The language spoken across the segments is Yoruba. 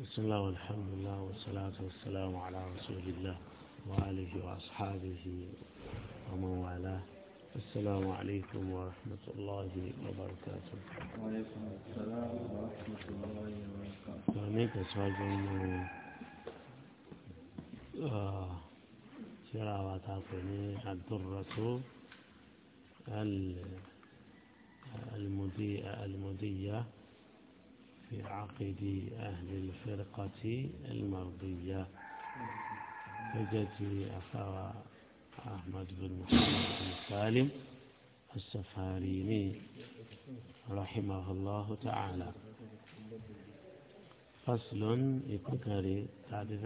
بسم الله والحمد لله والصلاة والسلام على رسول الله وآله وأصحابه ومن والاه السلام عليكم ورحمة الله وبركاته وعليكم السلام ورحمة الله وبركاته أنا أسواجون شرع وتعطيني الدرة المذيئة المذيئة في عقد أهل الفرقة المرضية حجتي أثر أحمد بن محمد بن سالم السفاريني رحمه الله تعالى فصل يذكر تعريف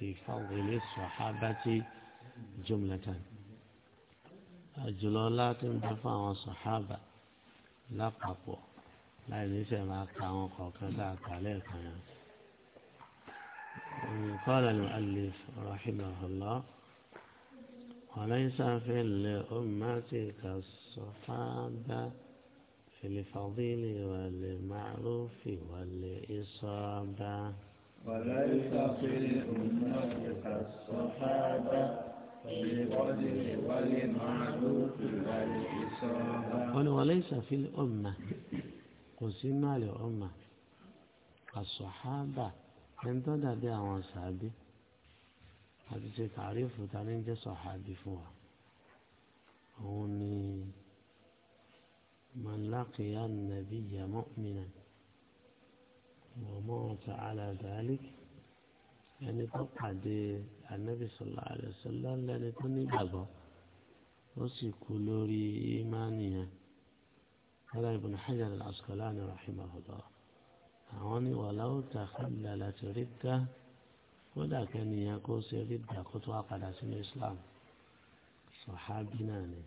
في فضل الصحابة جملة الجلالات من الصحابة لقبوا láì قال المؤلف رحمه الله وليس في الأمة كالصحابة في الفضيل والمعروف والإصابة وليس في الأمة كالصحابة في الفضيل والمعروف والإصابة وليس في الأمة kò sí máàlì ọmọ àṣọhábà ẹni tó dàbí àwọn sàábí àti ṣe tàrífù ta ní jẹ́ sọ̀hábì fún wa òun ni mọ̀lákìyà nàbí yàmọ́ mìíràn wọ́n ta aládàálík ẹni tó pàdé anábì sọlá àlẹ́ sọlá lẹ́ni tó nígbàgbọ́ ó sì kú lórí ìmánìyàn. قال ابن حجر العسقلاني رحمه الله àwọn wàláwò tàkàlà láti rí dá kódà kẹ́niyàn kó ṣe rí dá kó tó wá padà sínú Islam sọ̀hábì náà ni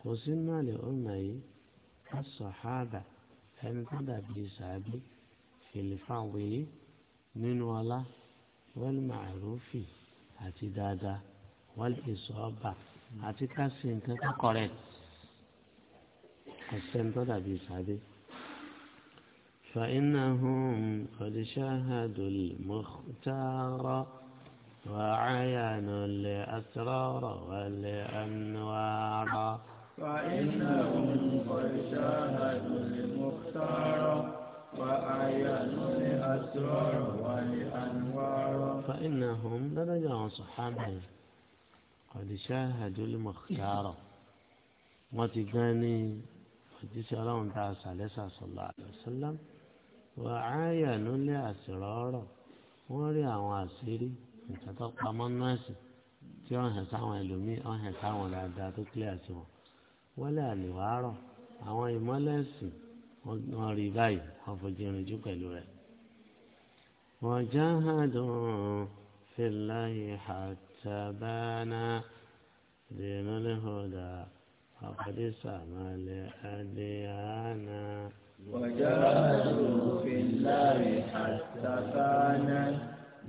kò sí náà lè ọ̀nà yìí ká sọ̀hábà ẹni tó dàbí sàábì fìlìfàwé nínú ọlá wal ma'rufi àti dáadáa wal isaba àti ká sí nǹkan kọ́kọ́rẹ́tì. حسن طلع بيسعدي سعدي فإنهم قد شاهدوا المختار وعينوا لأسرار ولأنوار فإنهم قد شاهدوا المختار وعيان لأسرار ولأنوار فإنهم درجة صحابة قد شاهدوا المختار وتقاني òjíṣẹ́ ọlọ́run tá a sàlẹ́sà sọ̀lá àlọ́sọ́lám wà áyà nílé àṣìrọ́rọ̀ wọ́n rí àwọn àṣírí nǹkan tó pamọ́ nọ́ọ̀sì tí wọ́n hẹ̀ sáwọn ẹlòmíì wọ́n hẹ̀ sáwọn dáadáa tó kílẹ̀ sí wọn wọ́lẹ̀ àlèwárọ̀ àwọn ìmọ́lẹ̀sì wọ́n rí báyìí wọ́n fojú irinjú pẹ̀lú rẹ̀. wọ́n já àdùn fìlà ìhàtàbánà dènà lẹ́họ̀dà. فقد سمل أديانا وجاهدوا في الله حتى فانا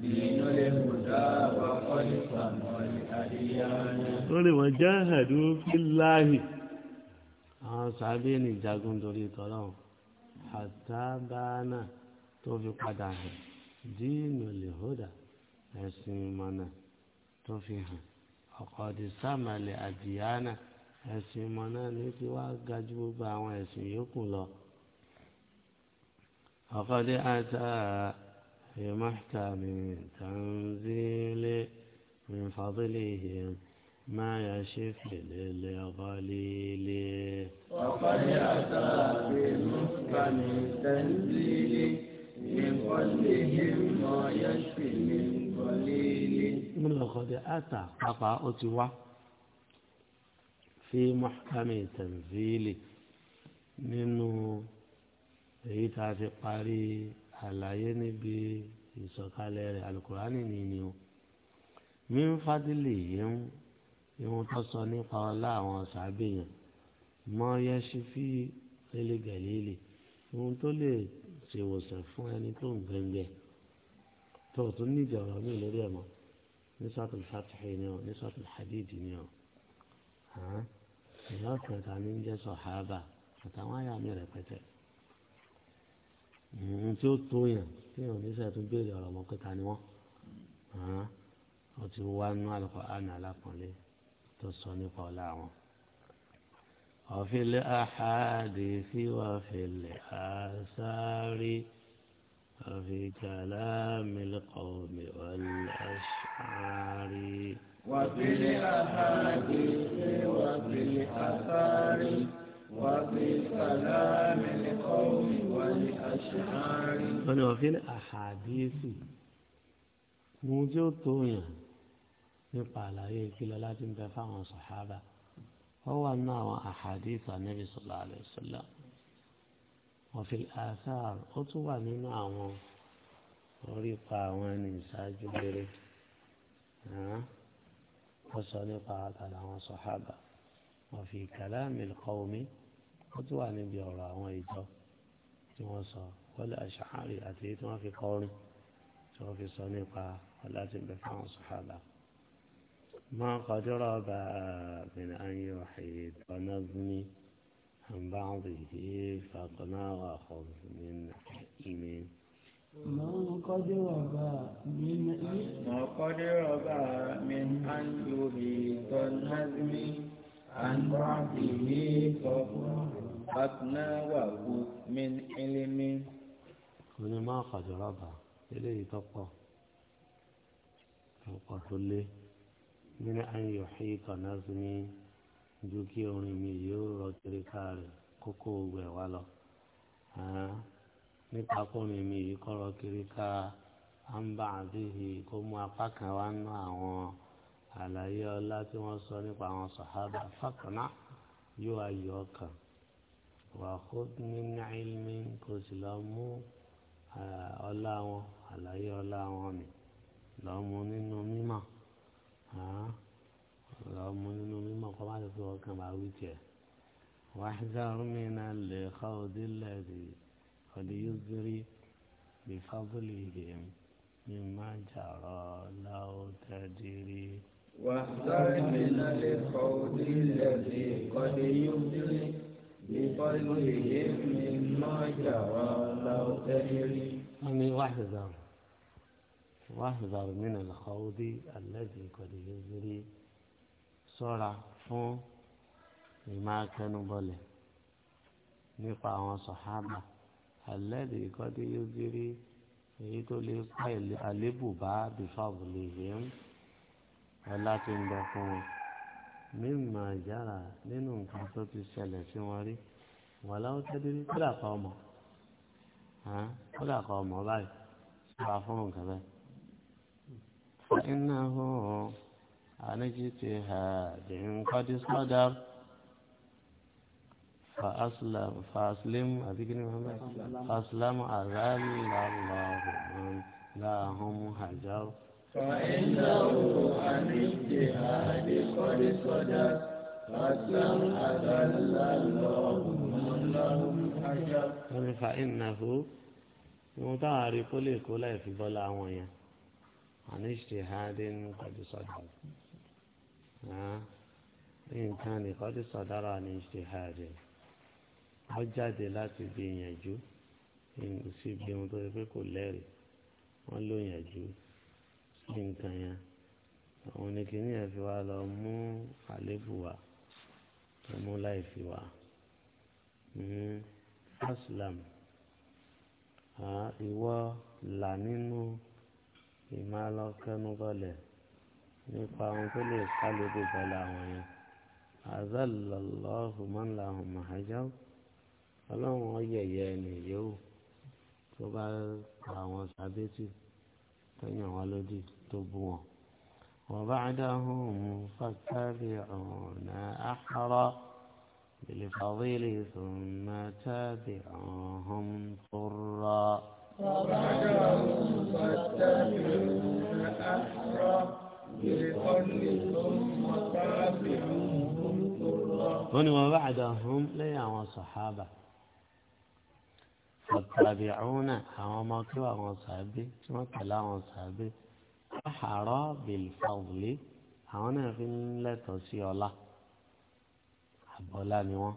دين الهدى وقد سمل أديانا قل وجاهدوا في الله àwọn sábẹ́ ní jagun torí tọ́lọ́hún àtàbáná tó fi padà hàn díìnù lèhódà ẹ̀sìn ìmọ̀nà tó fi hàn ọ̀kọ̀dì sàmàlẹ̀ àdìyánà ẹ̀sìn ìmọ̀ náà ní ti wá ga ju gbogbo àwọn ẹ̀sìn yòókù lọ. وقد أتى بمحكم تنزيل من فضله ما يشف للغليل وقد أتى بمحكم تنزيل من فضله ما يشف للغليل من لقد أتى أقا أتوا في محكم tẹ̀síìlì nínú èyí tá a fi parí àlàyé níbi ìsọ̀kalẹ̀ rẹ̀ alukurani nìyí o mi ń fadìlì yìí ń ìwọ̀n tó sọ nípa ọlá àwọn sàbẹ̀yàn mọ yẹsi fi lélẹ́gẹ̀lélẹ̀ ohun tó lè ṣèwòsàn fún ẹni tó ń gbẹngbẹ tó tún níjà ọ̀rọ̀ mi lórí ẹ̀ mọ́ ní sọ́tún fatihi ni ọ ní sọ́tún hadidi ni ọ ìyá kẹta ní jẹ́ sọ̀hábà àtàwọn àyà mi rẹpẹtẹ ohun tí ó tó yàn tí yàn oníṣẹ́ tún béèrè ọ̀rọ̀ mọ́ kẹta ni wọ́n ó ti wá nínú àlùkò àná alápọ̀nlé tó sọ nípa ọ̀la wọn. وفي الأحاديث وفي الآثار وفي كلام القوم والأشعار وفي الأحاديث وفي الآثار وفي كلام القوم والأشعار. وفي الأحاديث mo tí ó tó yàn nípa àlàyé ìkìlọ̀ láti ń bẹ fáwọn sàhábà ó wà ní àwọn àhàdíìsì ànábì sọlá àlẹsọlá wọfí àṣàr ó tún wà nínú àwọn orí pa àwọn ẹni ìṣáájú rere. وصديقها على وصحابة وفي كلام القوم خطوة نبيورا ويجو وصا والأشعار أتيت في قول وفي صديقها والتي بفعل صحابة ما قد ربى من أن يحيد ونظني عن بعضه فقنا خذ من حكيم من قد وبى من من قد وبى من أن يبيت الهزم عن ربه فأثنى وهو من علم من ما قد ربى إليه تبقى تبقى كله من أن يحيط نظمي ju kí orin mi yóò rọ kiri káàrí kókó gbẹ wá lọ nípa kórin mi yìí kọ́rọ̀ kiri ká à ń bá àdéhì kó mú apá kan wá ná àwọn àlàyé ọlá tí wọ́n sọ nípa àwọn sàhábà fàkànnà yóò ayọ̀ ọkàn wà kó ní nàìjíríà kò sì lọ mú ọlá wọn àlàyé ọlá wọn ni lọ mú nínú mímọ̀ lọ mú nínú mímọ̀ kó má lè fi ọkàn bá wí tiẹ̀ wàhálà rúmìnà lè kọ́ òdìlẹ̀ rèé. فليزري بفضلهم مما جرى له تجري من للقول الذي قد يزري بفضلهم مما جرى له تجري يعني واحذر واحذر من الخوض الذي قد يزري صورة فون ìmọ̀ كانوا بله. àwọn sọ̀hábà alẹ́dì ìkọ́dé yóò gírí èyí tó lè pa àlébù bá bífàbù lè yẹn ọlá tó ń bọ fún wọn mímọ àjára nínú nǹkan tó ti ṣẹlẹ̀ sí wọn rí wọn láwọn tẹ́lẹ̀ rí kódà kọ́ ọmọ kódà kọ́ ọmọ báyìí sọ́ra fún nǹkan bẹ́ẹ̀. فإنه عن اجتهاد قد صدر فأسلم فأسلم هذه كلمة محمد فأسلم أذل الله لهم هجر فإنه عن اجتهاد قد صدر فأسلم أذل الله لهم هجر فإنه متعارف لكل في بلاوية عن اجتهاد قد صدر آه. إن كان قد صدر عن اجتهاد á jáde láti bí ìyànjú sí bí ohun tó ṣe pé kò lẹ́rìí wọ́n ló yànjú sí nǹkan yẹn àwọn ní kíní yẹn fi wá lọ mú àléébù wá tó mú láì fi wá hmm. aslam ìwọ là nínú ìmọ̀lọ́kẹ́nubọ̀lẹ̀ nípa ohun tó lè kálébù bọ́lá àwọn yẹn azalọ́lọ́hùnmọ́láhùnmáhájáwó. ọlọ́run ọyẹ̀yẹ ẹni yòówù tó bá ta àwọn sábẹ́tì tẹ̀yìn àwọn lódì tó bú wọn. وبعدهم فاتبعون أحرى بالفضيل ثم تابعهم قرا وبعدهم فاتبعون أحرى بالفضل ثم تابعهم قرا وبعدهم ليا وصحابه ọ̀tàbí ọ̀húnà àwọn ọmọ kí wà wọn sàbí tí wọ́n tẹ̀lé àwọn sàbí àhàrọ̀ bìlfàwùlé àwọn náà fi ń lẹ́tọ̀ọ́ sí ọlá àbọ̀lá ni wọ́n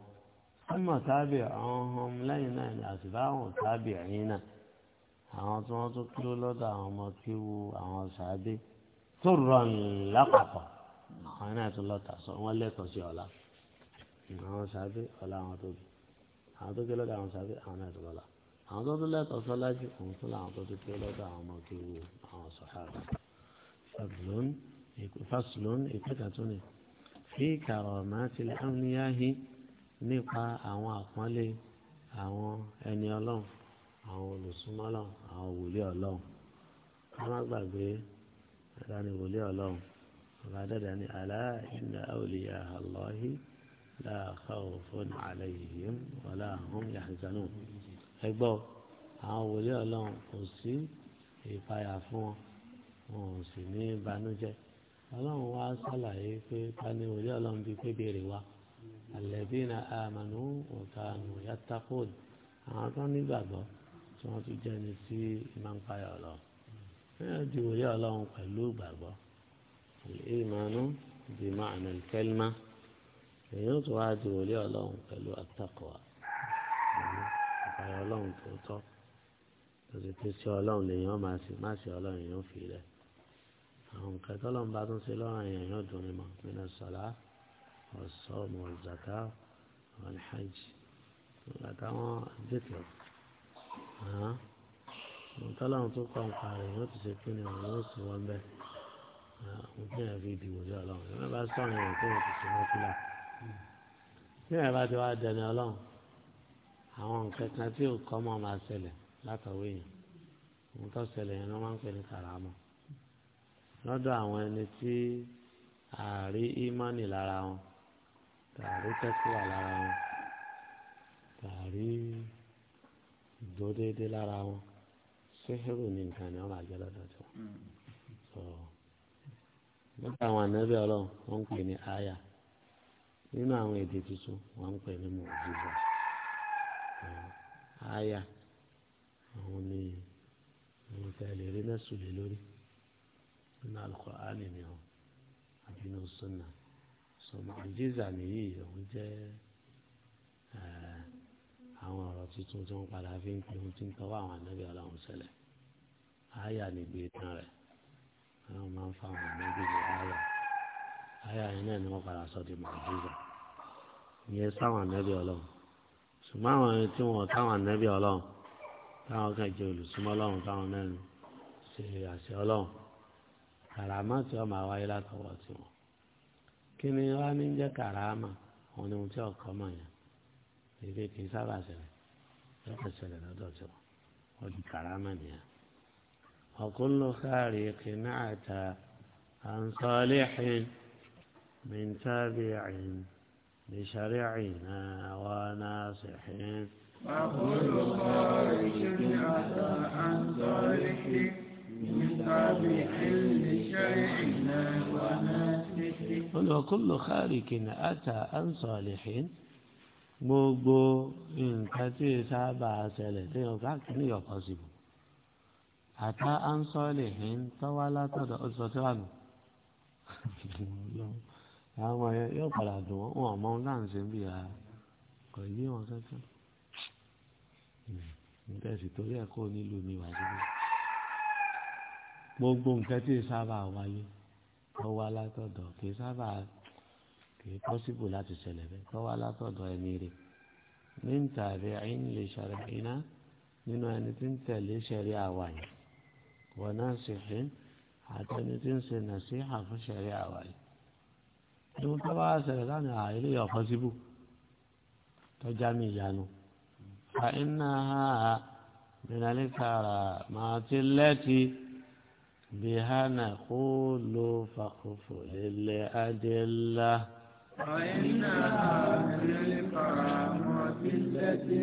ọmọ tábì ọ̀hún lẹ́yìn náà ni àtìbá àwọn tábì ẹ̀yìn náà àwọn tí wọ́n tún kúrò lọ́dọ̀ àwọn ọmọ kí wu àwọn sàbí tó rọrùn lápapọ̀ àwọn náà tún lọ́tà sọ wọ́n lẹ́tọ̀ọ́ sí ọlá àwọn sàbí ọlá àwọn tóbi àwọn tó kí lọ́dọ̀ àwọn sàbí àwọn náà tún lọ́la àwọn tó tún lẹ́tọ̀ọ́ sọ́lájú òun tún làwọn tó tún pé lọ́dọ̀ àwọn ọmọ kéwu àwọn sọ̀hárà fàbùlón fásilón ìpẹ́kà tún ni fi kàrọ̀ máa ti lẹ́hàmúníyáhí nípa àwọn àpọ́nlé àwọn ẹni ọlọ́run àwọn olùsúnmọ́ ọlọ́run àwọn wòlíì ọlọ́run ká má gbàgbé ẹ̀dá ni wòlíì ọlọ́run ọba dẹ́dẹ́ ni alā inna awliya Allahi lā khawfun alayhim wa lā hum yahzanūn ẹgbọ́ àwọn wòlíì ọlọ́run kò sí ìpayà fún wọn wọn ò sì ní ìbànújẹ́ ọlọ́run wá sàlàyé pé tani wòlíì ọlọ́run bíi pé béèrè wa àlẹ́bí na àmàlù ọ̀tàánù yàtàkùn àwọn tó nígbàgbọ́ tí wọ́n ti jẹ́ ni sí ìmọ̀npáyà ọlọ́run ẹ̀yà di wòlíì ọlọ́run pẹ̀lú ìgbàgbọ́ ìmọ̀nù di màánà kẹ́límà èyí ó tún wá di wòlíì ọlọ́run pẹ̀lú àtàkùn wa ìpayà ọlọ́run tó tọ́ lọ́sí pé sí ọlọ́run lèèyàn máa sì má sí ọlọ́run èèyàn fi rẹ̀ àwọn nǹkan tọ́lọ́run bá tún ṣe lọ́rùn èèyàn yóò dùn ní mọ́ nínú sọ̀lá ọ̀sọ́ ọmọ ọ̀zàká ọ̀lẹ́hàjì àtàwọn àdètò àwọn tọ́lọ́run tó kọ́ nǹkan rẹ̀ yóò ti ṣe pé ní ọ̀run yóò sì wọ́n bẹ́ẹ̀ àwọn kí èèyàn fi dìbò sí ọlọ́run ẹ̀ bá sọ̀rọ̀ èèyàn kó àwọn nǹkan kan tí ò kọ́ mọ́ máa ṣẹlẹ̀ látọ̀wé yẹn ohun tó ṣẹlẹ̀ yẹn ló máa ń pè ní karama lọ́dọ̀ àwọn ẹni tí ààrí ímánì lára wọn tààrí tẹ́síwà lára wọn tààrí ìdódédé lára wọn sẹ́hẹ́rù ní nǹkan ni wọ́n máa jẹ́ lọ́dọ̀ tó sọ nípa àwọn ànábẹ́ ọlọ́run wọ́n ń pè ní aya nínú àwọn èdè tuntun wọ́n ń pè ní mọ̀ọ́dúnrún àyà àwọn ni àwọn tí a lè rí náà sùn lórí nínú al ni ọ àbí nínú sọmọ àjíza nìyí òun jẹ àwọn ọ̀rọ̀ tuntun tí wọ́n padà fi ń pè ohun tí ń tọ́wọ́ àwọn anábì Ọlọ́run ṣẹlẹ̀ àyà nìgbè tán rẹ̀ Ọlọ́run máa ń fa àwọn anábì ní àyà àyà yẹn náà ni wọ́n padà sọ di mọ ìyẹn sáwọn anábì Ọlọ́run ṣùgbọ́n àwọn ẹni tí wọ́n táwọn ànábì ọlọ́run táwọn kan jẹ́ olùsúnmọ́ ọlọ́run táwọn náà ṣe àṣẹ ọlọ́run kàràmá tí wọ́n máa wáyé látọwọ́ tiwọn kí ni wọ́n á ní jẹ́ kàràmá òun ni ohun tí ọkọ mọ̀ yẹn èdè kì í sábà ṣẹlẹ̀ lọ́kọ̀ ṣẹlẹ̀ lọ́dọ̀ tiwọn wọ́n di kàràmá nìyẹn. وكل خارق عتا عن صالح من تابع بشريعنا وناصحين وكل خارج أتى عن صالح من تابع لشريعنا وناصحين وكل خارج أتى عن صالحين gbogbo nǹkan tí ì sábà ṣẹlẹ̀ tí wọn bá kí ni yọ pọ́sibù àtà ansọ́ọ̀lì ń tọ́wá látọ̀dọ̀ ọ̀sọ̀ tí wà nù àwọn ọmọ yẹn yóò padà dùn wọn wọn ọmọ ńlá ń ṣe ń bì á kò yé wọn kankan nígbà hmm, tí torí ẹ kó nílùú mi wà síbẹ̀ gbogbo nǹkan tí sábà wáyé tó wá látọ̀dọ̀ kì í sábà kì í pọ́síbù láti ṣẹlẹ̀ bẹ́ẹ̀ tó wá látọ̀dọ̀ ẹni rẹ̀ ní ń tàbí ẹ̀yìn lè ṣàrẹ̀ iná nínú ẹni tí ń tẹ̀lé ṣẹ̀rí àwàyè wọ̀nà ṣèṣin àti ẹni tí ń ṣe nàṣíhà fún ṣẹ̀rí àwàyè ìdúró tó bá ṣẹlẹ̀ lánàá àìlè ọ̀kan síbù tọ́já mi ìyanu. fa iná mìíràn kára màá ti lẹ́tì bí hánà kó lo fàkófò lélẹ̀ adélá. fa iná mìíràn kára màá ti lẹ́tì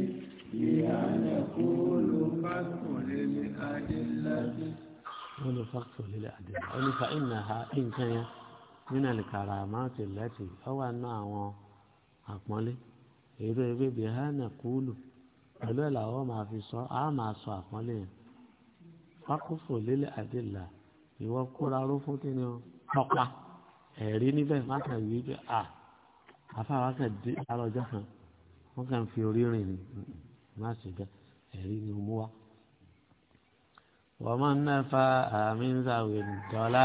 bí hánà kó lo fàkófò lélẹ̀ adélá. wọ́n lo fàkófò lélẹ̀ adélá. wọ́n ní fa iná ha nǹkan yẹn nínú àlìkàrà àmáàtì lẹ́tì ọ wà nínú àwọn àpọ́nlé èrò ewé bihánà kúlù pẹ̀lú ẹ̀ làwọn máa fi sọ á máa sọ àpọ́nlé yẹn fákòfò lélẹ̀ àdìlà ìwọ kóra ló fún kí ni ọ̀pá ẹ̀rí níbẹ̀ má kà wí pé à àfáà kà dé alọ́jọ́ kan wọ́n kàn fi orí rìn ní má sì bẹ́ ẹ̀rí ni mú wa. wọ́n máa ń náfa àmì ń zàwé dọ́lá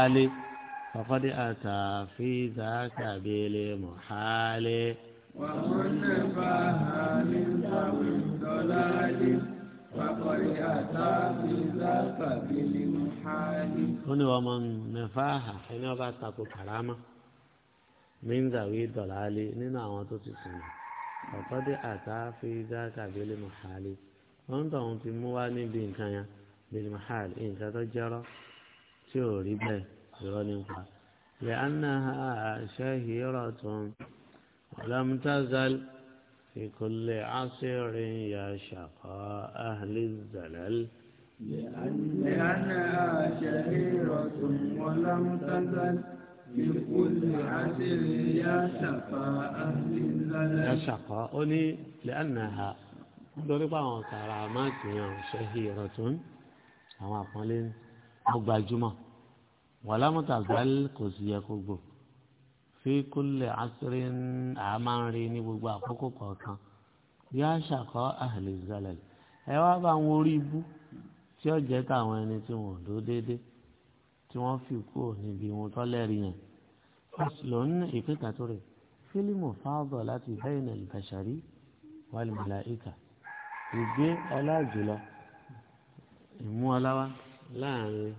فقد أتى في ذاك بالمحال ومنفاها من ذوي الضلال فقد أتى في ذاك بالمحال هنا ومنفاها حين بعثت كرامة من ذوي الضلال نينا وانتو فقد أتى في ذاك بالمحال wọ́n tọ̀hún ti mú wá níbi nǹkan yẹn بالمحال nǹkan tó jẹ́rọ tí irọ́ لأنها شهيرة ولم تزل في كل عصر يا شقاء أهل الزلل لأنها شهيرة ولم تزل في كل عصر يا شقاء أهل الزلل يعشق أني لأنها nítorí pé àwọn kàràmáàtì yẹn ṣẹ́hìn ìrọ̀tún wàlámùtà gbàlẹ́ kò sì yẹ kó gbò fi kúlẹ̀ àṣírí a máa ń rí ní gbogbo àkókò kọ̀ọ̀kan bí a ṣàkọ́ àhìlẹ̀ ìzàlẹ̀ ẹ wá bá wọn orí ibú tí ó jẹ́ táwọn ẹni tí wọn ò dó déédé tí wọ́n fi kú níbi wọn tọ́lẹ́rì yẹn ló ń ìpín kàtó rẹ̀ fílímù fáwọ́bọ̀ láti bẹ́ẹ̀nà ìbàṣàrí wàlìmọ̀lá ìkà ìgbé ọlá jùlọ ìmú ọlá wa láàrin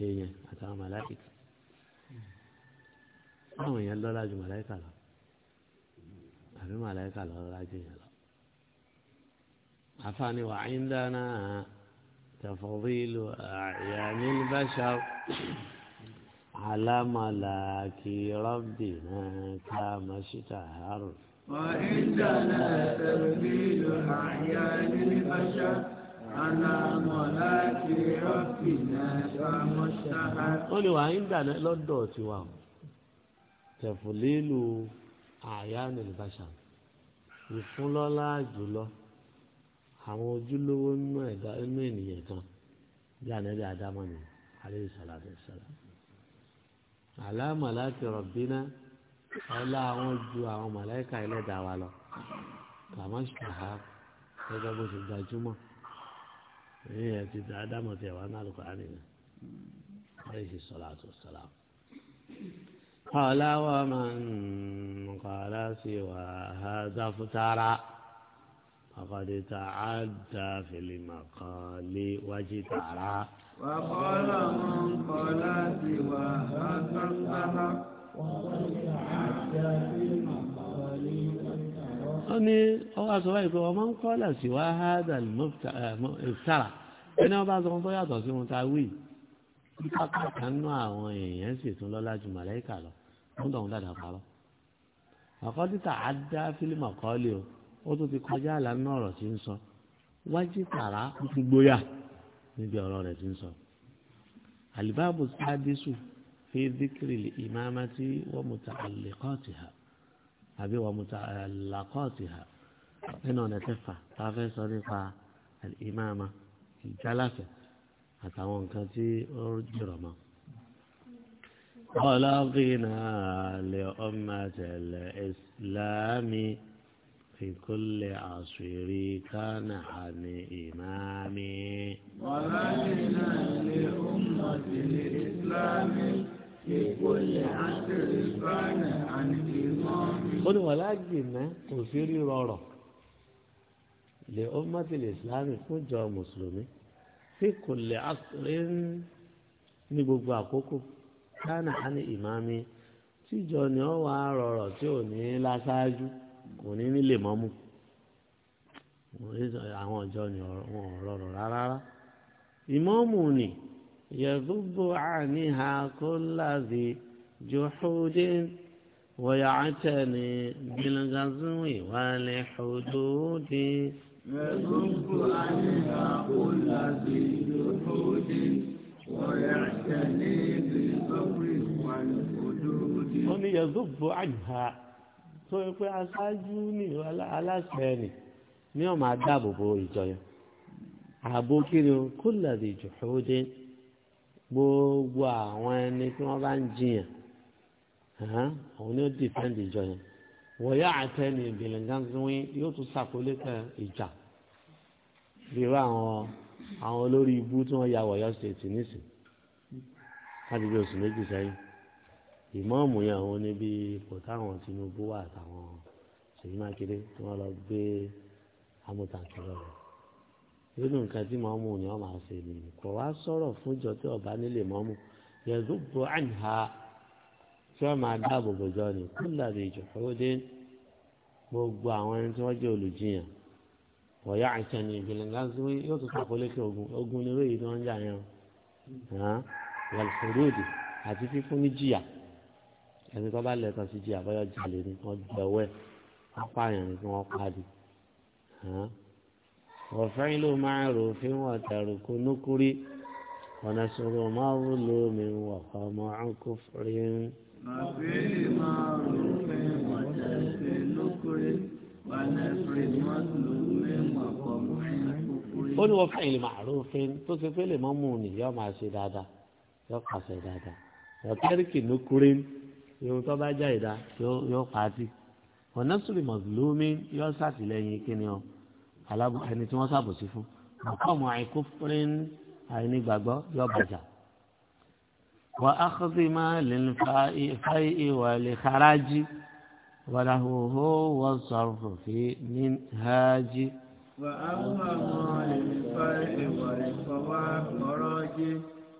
èèyàn àtàwọn màláìkà àwọn èèyàn lọ́lá ju màláìkà lọ àbí màláìkà lọ́lá ju èèyàn lọ. àfààní wà ń dáná tẹ̀fọ́bílù àyàní báṣà alámàlàkì rọ́bì náà ká màṣítà àárò. وإن لنا تبديل أعيان البشر ó lè wà ń dàná lọ́dọ̀ tiwa o tẹ̀fùlélu àyánu ìbáṣà ìfúnlọ́lá jùlọ àwọn ojúlówó nínú ẹ̀dá inú ènìyàn kan bí ànábì àdámọ́ ni alayhi salatu wassalam àlámàláàkì rọ̀bìnà ọlá àwọn ju àwọn màláìka ẹlẹ́dàá wa lọ kàmáṣùkà ha gẹ́gẹ́ bó ṣe gbajúmọ̀ èyí ẹ ti da ádámọ̀ tí ẹ wá náà lùkọ́ ánìyàn wọ́n yìí sọ̀rọ̀ àti sọ̀rọ̀. ọ̀làwọ̀ máa ń kọ́lá sí wa hazafutara ọ̀kọ̀dé ta àdá fìlímà kan lé wájú tààrà. wàhálà máa ń kọ́lá sí wa hazafutara ọ̀kọ̀dé ta àdá fìlímà kan ó ní ọwọ́ aṣọ báyìí pé ọmọ ń kọ́ là sí wá hádà ìfúsára ẹni wọn bá sọ fún yàtọ̀ sí wọn ta wí pápá kan náà àwọn èèyàn sì tún lọ́lá ju màláìkà lọ wọn dọ̀ wọn dáadáa pa lọ. àkọ́dítà á dá fílímù àkọọ́lẹ̀ o ó tún ti kọjá àlá náà ọ̀rọ̀ tí ń sọ wájú tààrà ó gbóyà níbi ọ̀rọ̀ rẹ̀ tí ń sọ. àlìbáàbò sádísù fi díkìrì ìmáàmá tí wọ́n mú ta àlèkọ́ọ̀tì hàn àbí wà mú làkọ́ọ̀tì hà nínú ọ̀nà tẹ́fà tá a fẹ́ sọ nípa ìmáàmà ìjálàfẹ́ àtàwọn nǹkan tí ó jùrọ̀ mọ́. ọlọ́gbìnà lè ọmọ tẹ̀lé ìsìláàmì fi àṣírí kánà àmì ìmáàmì. ọlọ́gbìnà lè ọmọ tẹ̀lé ìsìláàmì ó ní wọ́n láàgbè náà kò sí rí rọrọ̀ lè ọmọdéle islámi fún ìjọ mùsùlùmí tí kò lè àṣírí ní gbogbo àkókò kánà á ní ìmáàmì tíjọ ni ó wà rọrọ̀ tí ò ní láṣáájú kò ní nílé mọ́mú àwọn ìjọ ni wọn rárá ìmáàmù ni. يذب عنها كل ذي جحود ويعتني بالغزو والحدود يذب عنها كل ذي جحود ويعتني بالغزو والحدود هم يذب عنها tó aṣáájú ní aláṣẹ ni ní ọmọ adáàbòbò ìjọ yẹn ààbò lè jù ó gbogbo àwọn ẹni tí wọ́n bá ń jiyàn àwọn ni ó ìjọ yẹn wọ̀yá àtẹni ìbìlẹ̀ngánwín yóò tún ṣàkólé kan ìjà bí irú àwọn àwọn olórí ibú tí wọ́n ya wọ̀yá stéètì nísìn láti bí oṣù méjì sẹ́yìn ìmọ̀ọ́mù yẹn àwọn ní ipò táwọn Tinubu wà àtàwọn Ṣèyí Mákindé tí wọ́n lọ gbé amútàkìlọ̀ rẹ̀ nínú nǹkan tí mọ́mú ni wọ́n máa ṣe nìyí kò wá sọ̀rọ̀ fúnjọ tí ọba nílé mọ́mú yẹ̀dú bu àyìnhà tí wọ́n máa dáàbò bòjọ́ ni kúlà lè jù fọwọ́dé gbogbo àwọn ẹni tí wọ́n jẹ́ olùjìyàn ọ̀yá àìsàn ní ìgbìlẹ̀ lásìkò yóò tún sàkólé ogun ogun ni lóyè tí wọ́n ń jà yẹn hàn wàlùfòròdì àti fífún ní jìyà ẹni tó bá lẹ́tọ̀ọ́ sí jìyà bọ́yọ̀ jalè ni wọ́n gbẹ̀wẹ́ apá àyàn ni wọ́n pàdé وفعل معروف وترك نكر ونشر مظلوم وقمع كفر وفعل معروف وترك نكر ونشر مظلوم وقمع كفر قل وفعل معروف تصف لمامون يوم عشدادا يوم عشدادا وترك نكر يوم تبا جايدا يا قاتي ونشر مظلوم يوم ساتي لين كنيو ẹni tí wọ́n ṣàbòsí fún ọ̀pọ̀mọ̀ àìkú fúrin àìní gbàgbọ́ yọ bàjá. wà á kọ́sí máa lè ń fa ìwà lè kárájí wàlá hòhó wọ́n sọ̀rọ̀ fòfé ní hájí. wà á wà mọ́ lè fa ìwà lè fọwọ́ ọ̀rọ̀ jẹ́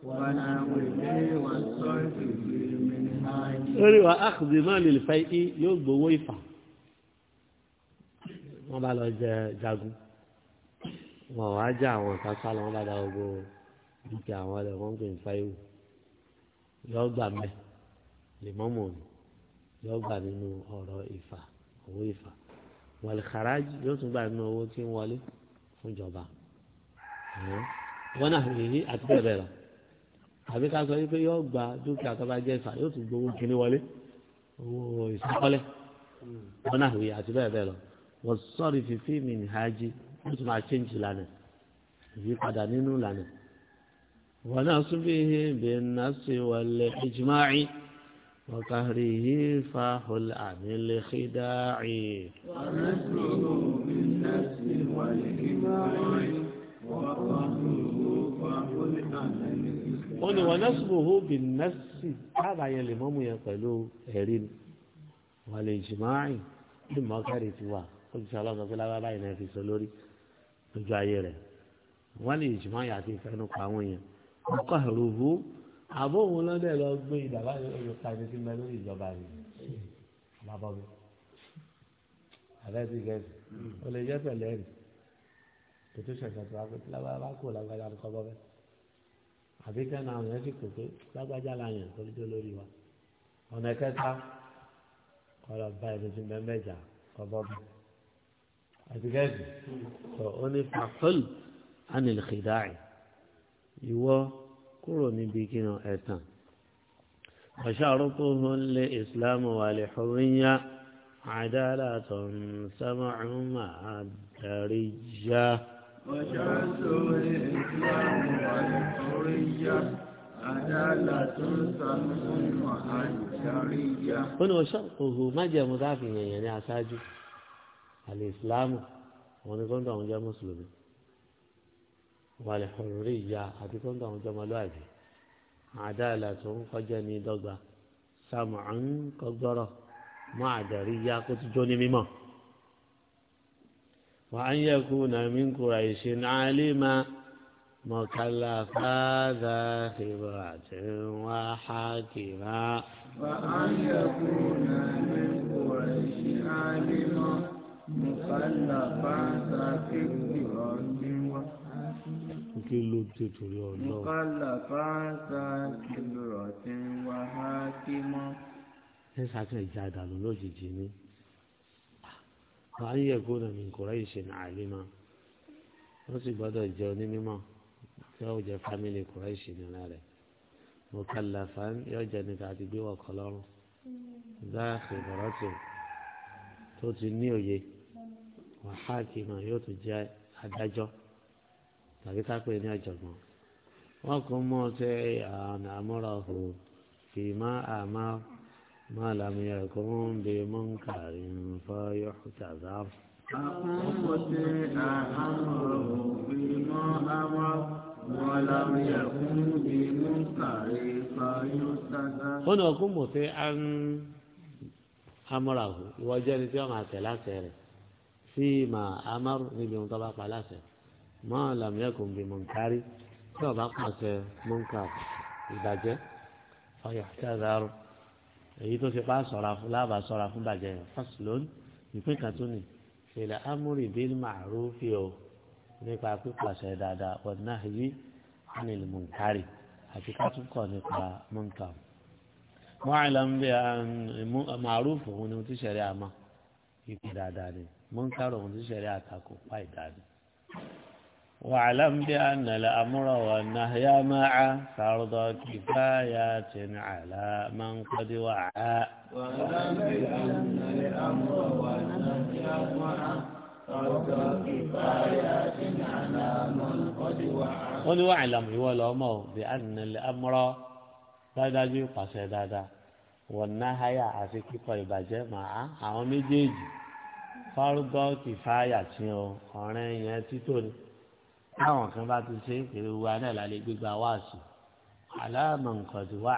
wàlá wèlé wọ́n sọ̀rọ̀ fòfé ní hájí. lórí wà á kọ́sí máa lè fa ìwà lè gbowó ìfà wọ́n bá lọ jẹ jagun wọn ò wá jẹ àwọn kásá lọ wọ́n bá da gbogbo dúkìá àwọn ẹlẹ wọ́n ń pè ní fáìwù yọ gbà mẹ lèmọ́mọ́ ni yọ gbà nínú ọ̀rọ̀ ìfà owó ìfà wàlìkàràjì yóò tún gbà nínú owó tí ń wọlé fún ìjọba wọn náà nìyí àti bẹ́ẹ̀ bẹ́ẹ̀ lọ àbí ká sọ wípé yóò gba dúkìá tó bá jẹ́ ìfà yóò tún gbowó kínní wọlé owó ìsàkọ́lẹ̀ wọn náà nìyí àti bẹ́ẹ̀ bẹ́ẹ̀ lọ wọ́n sọ̀rọ̀ fífi mi ní hajj wọ́n tún máa ṣéǹjì lánàá ìyípadà nínú lánàá. wọn náà sún bí ihe bẹ́ẹ̀ náà ṣe wọlé ìjùmáì وقهره فاحل عن الخداع ونسله بالنفس والإماع وقهره فاحل عن wọ́n ní wọ́n násìbòhó bí násì káàbà yẹn lè mọ́mú yẹn pẹ̀lú ẹ̀rí wà lè jìmáàì bí mọ́kàrí ti wà òṣìṣẹ́ ọlọ́sọ pé lábá báyìí náà fi sọ lórí lójú ayé rẹ̀ wọ́n lè jùmọ̀ àyà àti ìfẹ́nu pa àwọn èèyàn ọkọ̀ ìrùbú àbó òun lọ́dẹ̀ lọ gbé ìdàbà yorùbá ẹni tí mẹ lórí ìjọba rẹ̀ alábọ́bí àbẹ́sí gẹ̀ẹ́sì ó lè jẹ́ pẹ̀lú ẹ̀rì tètè ṣẹ̀ṣẹ̀ tó wá pé lábá bá kú lágbájá ló kọ́ bọ́bẹ́ àbí kẹ́ni àwọn yẹn sì kò pé lágbájá la tó lójó lórí wa ọ̀nà kẹta kọ́ lọ bá ẹni tí mẹ́mẹ́jà kọ́ bọ́bẹ́. àtìgáàjì tọ́ ó ní fàkọ́l ánìlìkìdáì ìwọ kúrò níbi kí ni fakol anilikidai iwo kuro nibi وشرطه لإسلام والحرية عدالة سمع مع الدرجة وشرطه لإسلام والحرية عدالة سمع مع الدرجة هنا وشرطه ما جاء مضافيا يعني أساجه àlè ìsìláàmù àwọn ní kọ́ńtà àwọn jẹ́ mùsùlùmí wàlẹ̀ ọ̀rọ̀rí ìyá àti kọ́ńtà àwọn jẹ́ ọmọlúwàbí àdáàlà tó ń kọjá ní dọ́gba sàmù à ń kọgbọ́rọ̀ mọ́ àdàrí ìyá kó tó jó ní mímọ́ wà á ń yẹ kú nàmí kúra ìṣe náà lè máa. مكلفا ذا خبرة وحاكما وأن يكون من قريش علي mùsàlá bá ń ta kéwì ọ̀nì wá. kí ló dé torí ọlọ́run. mùsàlá bá ń ta kéwì ọ̀nì wá á kí mọ́. ẹ ṣàkẹ́ ìjà àdàlù lójijì ni wàá yẹ kó nàmì nkùrẹ́ ìṣìn àlímà wọ́n sì gbọ́dọ̀ jẹ́ onímọ̀ tí wọ́n jẹ́ fámìlì kùrẹ́ ìṣìn nìyẹn rẹ̀ mọ̀kàlàfán yóò jẹ́ níta àti gbé wọ̀kọ́ lọ́rùn záàkì bọ̀rọ̀tì tó ti ní òye wọn hákìmọ̀ yóò tún jẹ́ adájọ́ tàbí ká pè ní ọ̀jọ̀gbọ́n wọn kò mọ ọtẹ àwọn àmúra ọhún fi má àmá má làmúyẹ kó ń bẹ mọ ń kàrí nǹfọ yóò tàbá. àwọn ọtẹ àmúra ọhún fi má àmá má làmúyẹ kó ń bẹ mọ ń kàrí nǹfọ yóò tàbá. ó nà ọkùnrin mọ̀tẹ́ àmúra ọhún ìwọ tí wọ́n máa tẹ̀ láti rẹ̀ fíìmà amaru níbi ohun tó bá pa láṣẹ máa làmúyẹkùn bí mọ̀nkárí tí ọba pàṣẹ mọ̀nká ìbàjẹ́ ọyà kẹdàrú èyí tó ti pa sọ̀ra fún láàbà sọ̀ra fún bàjẹ́ yẹn fásilón ìpín kan tún ní ìlà amúrì bíl màrúfì o nípa pípàṣẹ dáadáa ọ̀nà yìí ánìlì mọ̀nkárì àti kátúkọ̀ nípa mọ̀nká. wọ́n àìlọ́ ń bẹ màrúfù ni mo ti ṣẹ̀rí àmọ́ ìpín dáadáa ni. من ohun tí sẹ́rí àtakò pa ìdáni. واعلم بأن الأمر والنهي معا فرض كفاية على من قد وعى واعلم بأن الأمر والنهي معا فرض كفاية على من قد وعى قل واعلم والأمر بأن الأمر dáadáa yóò pàṣẹ dáadáa wọ̀n náà háyà àti kíkọ ìbàjẹ́ fárúgọ́ kì fáyà tí o ọ̀rẹ́ yẹn títò ni táwọn kan bá ti ṣe èrò wa náà lálẹ́ gbígba wáàsù aláàmọ̀ nǹkan ti wá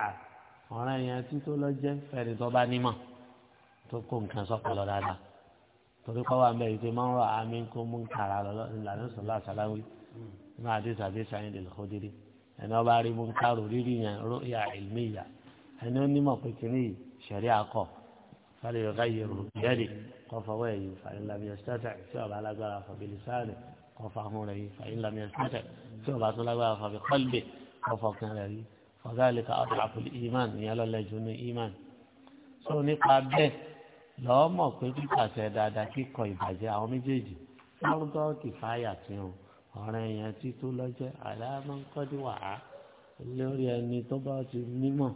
ọ̀rẹ́ yẹn títò lọ́jẹ́ fẹ́ni tó bá nímọ̀ tó kó nǹkan sọ́kọ̀ lọ dáadáa torí kọ́ wa mbẹ́ ìpè máa ń rọ àmì kó mú nkàrà lọ ìlànà sọ̀lá sàláwí nínú àdéhùn àbí sàyìn lè lọ́kọ́ dédé ẹni ọba rí mú nkàrò rírì yẹn ró ìyá ìlmíyà fàlẹ́ yọ̀ká yẹ̀rù yẹ́rì kọ́ fọwọ́ ẹ̀yìn fàyín lábẹ́ ẹ̀sítẹ́tẹ̀ tí ọba alágbára fàbí lisáàlì kọ́ fàhún rẹ̀ yìí fàyín lábẹ́ ẹ̀sítẹ́tẹ̀ tí ọba tó lágbára fàbí kọ́lbì kọ́ fọkàn rẹ̀ yìí fọ̀gáàlì ká ọ̀dọ̀ àpòlì ìmán ìyẹn lọ́lẹ́jù ní ìmán. sọ nípa bẹ́ẹ̀ lọ́ọ́ mọ̀ pé pípàṣẹ dáadáa kíkọ ìbàjẹ́ àwọn méjèèjì lárúgbọ́ kìfáyà tí wọn ọ̀rẹ́ yẹn ti tó lọ́jẹ́ àlámọ́ńkọ́díwà á lórí ẹni tó bá ti nímọ̀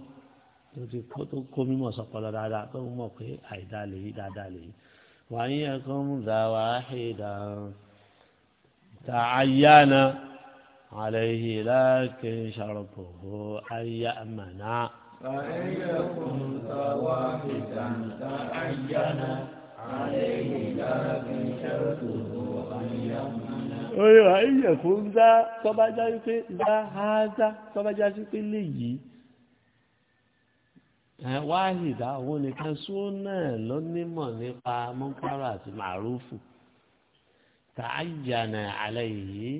tó ti kó tó kó mímọ̀ sọ́pọ̀lọ́ dáadáa tó mọ̀ pé àìdá lèyí dáadáa lèyí. wà á yẹ kó ń da wà á ṣe ìdáhùn tá na àlẹ́ yìí láàkè ń ṣàròpọ̀ ó á yá màná. wà á yẹ kó ń da wà na àlẹ́ yìí láàkè ń ṣàròpọ̀ ó á yá màná. oye wà á yẹ kó ń dá tọ́bajá wípé dá háá dá tọ́bajá wípé léyìí wáhìdá òun nìkan súnà lónímọ̀ nípa mọ́kárọ̀ àti màrúfù tààjànà alẹ́ yìí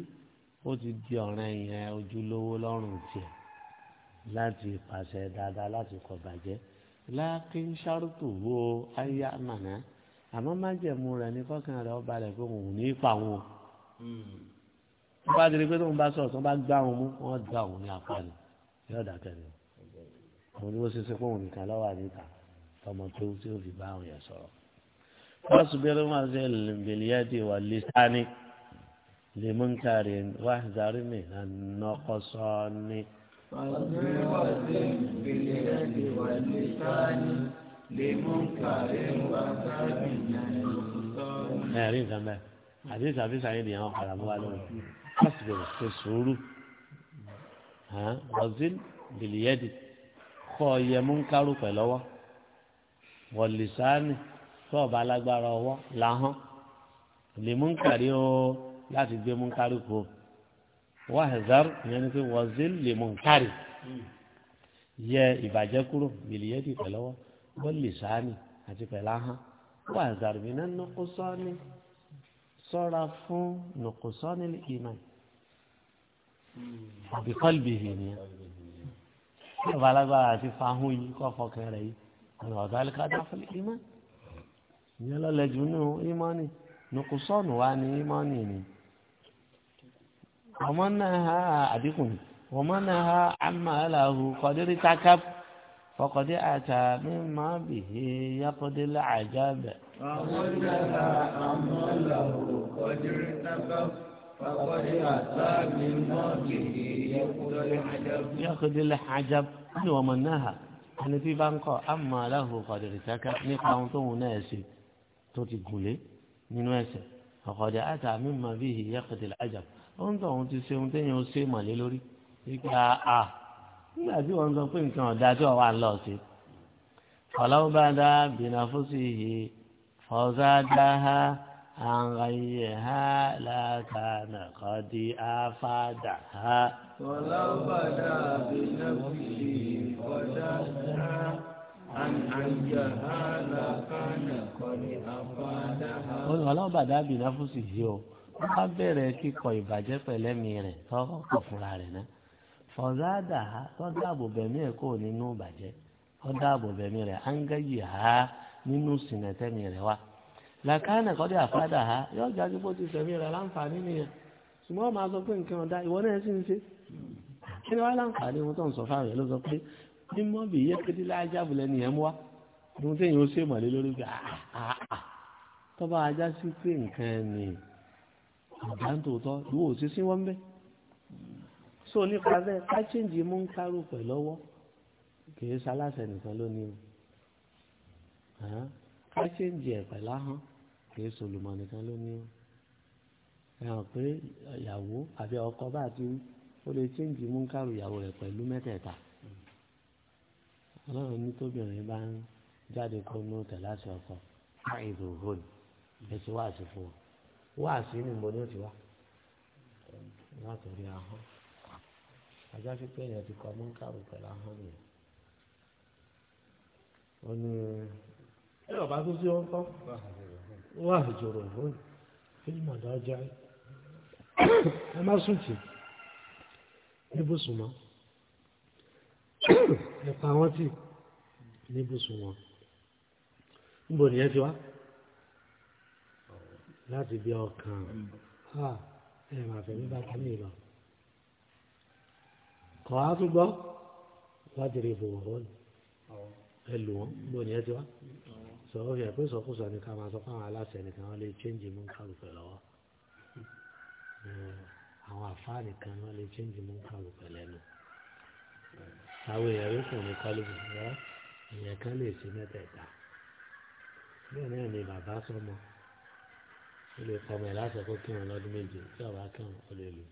ó ti di ọ̀ràn yẹn ojúlówó lọ́rùn tiẹ̀ láti pàṣẹ dáadáa láti kọ̀ bàjẹ́ láàkí ń ṣàrùtù wo ayé àmàna àmọ́ májẹ̀mú rẹ̀ ní kọ́kàn rẹ̀ ọba rẹ̀ pé òun ní ipa wọn. wọ́n bá dirí pé tóun bá sọ̀rọ̀ tó bá gbá òun mú wọ́n dá òun ní apá ni yóò dákẹ́ ni àwọn oníwó ṣe ṣe pé òun nìkan lọ́wọ́ àníkà tọmọ tó tí ó fi bá àwọn yẹn sọ̀rọ̀. wọ́n sùbẹ́rẹ́ wọn ṣe lèmìlíyàdì wà lẹ́sánì lèmúnkàrí wà zàrí mi nànàkọ́sọ́ ni. wàṣírí wà ṣe lèmìlíyàdì wà lẹ́sánì lèmúnkàrí wà zàrí mi nànàkọ́sọ́ ni. ẹ̀rí nǹkan bẹ́ẹ̀ àdéhùn àfihàn yìí nìyẹn wọn padà mú wa lóhùn. wọ́n ṣe sùúrù wàṣírí lèmìlíyàdì kọ́ yẹ múnkárù pẹ̀lú ọwọ́ wọ̀lìsánì tó ọba alágbára ọwọ́ làhán lè múnkàrí o láti gbé múnkárù kù wàhẹ̀zár ìyẹn ni pé wọ́zìl lè múnkárì yẹ ìbàjẹ́ kúrò bìlìyẹ́dì pẹ̀lú ọwọ́ wọ̀lìsánì àti pẹ̀lú ahán wàhẹ̀zár mi náà nọkọ sọ́ni sọ́ra fún nọkọ sọ́ni ìmọ̀ àbíkọ́lì bìhìn nìyẹn tí ọba alágbára àti fahun yìí kọ́ fọkàn rẹ̀ yìí ọ̀nà ọ̀dọ́ alikada fún ìmọ̀ ìyẹn lọ́lẹ̀ jù nù ìmọ̀ni nùkùsọ́ọ̀nù wa ni ìmọ̀ni ni ọmọ náà ha àdínkù ni ọmọ náà ha àmà aláhu kọ́dírí takab fọkọ̀dé àtà mímọ́ bìhí yákọ́dé làjábẹ̀. ọmọ náà ha àmà aláhu kọ́dírí takab yàkùdí lè hajab ní ọmọ náà ẹni tí bá ń kọ àmọ́ aláhùn kọ̀dìrì sáká nípa ohun tóun náà ṣe tó ti gùnlé nínú ẹsẹ̀ ọ̀kọ̀dẹ̀ àtà mímọ́ bí i yàkùdí lè hajab ó ń tọ̀ ohun ti ṣe ohun téèyàn ó ṣe mọ̀lé lórí nípa a nígbà tí wọ́n sọ pé nǹkan ọ̀dà tí wọ́n wà lọ sí ọ̀làwọ̀ bá dá bìnnà fún sí i fọ́sá dá ha. عن غيها لا كان قد أفادها ولو بدا بنفسه فداها عن عيها لا كان قد أفادها ولو بدا بنفسه wọ́n bá bẹ̀rẹ̀ kíkọ ìbàjẹ́ mi rẹ̀ tọ́kọ̀ fúnra rẹ̀ náà fọ̀zádà tó dáàbò bẹ̀mí ẹ̀ nínú ìbàjẹ́ rẹ̀ ha nínú sìnẹ̀tẹ́mi rẹ̀ wá. làkàánà kọ́ dé àfádà ha yóò jáde bó ti sẹ̀mí rẹ̀ láǹfààní nìyẹn ṣùgbọ́n máa sọ pé nǹkan ọ̀dá ìwọ náà sì ń ṣe kí ni wá láǹfààní ohun tó ń sọ fáwọn ẹ̀ ló sọ pé mímọ́ bí iye kéde lájábùlẹ̀ nìyẹn mú wá ohun téèyàn ó ṣe mọ̀lẹ́ lórí pé àà tọ́ba ajá sí pé nǹkan ni ọ̀gá ń tòótọ́ ìwọ ò sí sí wọ́n bẹ́ẹ̀ so nípa bẹ́ẹ̀ ká chéǹjì mú ń kárò pẹ̀ lọ́wọ́ kì í ṣaláṣẹ nìkan lónìí o káṣíǹjì ẹ̀pẹ̀ láhán kìí solùmọ̀ nìkan ló ní ẹ hàn pé ìyàwó àbí ọkọ bá ti wí ó lè ṣéǹjì múnkàrú ìyàwó rẹ̀ pẹ̀lú mẹ́tẹ̀ẹ̀ta ọlọ́run ní tóbìnrin bá ń jáde kó nú tẹ̀ láti ọkọ káìdò hóòlù ẹ̀sìn wá sí fún ọ wá sí ní mo ní ti wá látòrí ahọ́n ajá sí pé èèyàn ti kọ múnkàrú pẹ̀lú ahọ́n nìyẹn ó ní ẹ ọba tó sí wọn kọ wà àjòrò òun fún màdà ọjà ẹ má sùn tì níbùsùn mọ ẹ pa wọn tì níbùsùn wọn níbo nìyẹn ti wá láti bí ọkàn ẹ máa fẹ̀mí bá ká ní ìlọ kọ́ á tún gbọ́ wá dèrè ìbò wọ́n ẹ lù wọ́n níbo nìyẹn ti wá sọ fi ẹ̀ pé sọkúsọ ni máa sọ fún aláṣẹ nìkan wọ́n lè chẹ́ǹjì mú nǹkan lọ́wọ́ eh, àwọn àfáà nìkan wọ́n lè chẹ́ǹjì mú nǹkan lẹ́nu àwọn èèyàn yóò kàn ní kálíbù rẹ èèyàn kan lè ṣe mẹ́tẹ̀ẹ̀ta bẹ́ẹ̀ náà ni bàbá sọmọ ó lè pọmọ ẹ̀ láti ẹ̀kọ́ kírun lọ́dún méje tí ọba kírun ó lè lò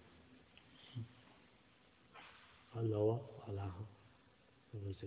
ọlọ́wọ́ ọ̀làhùn ó lè ṣe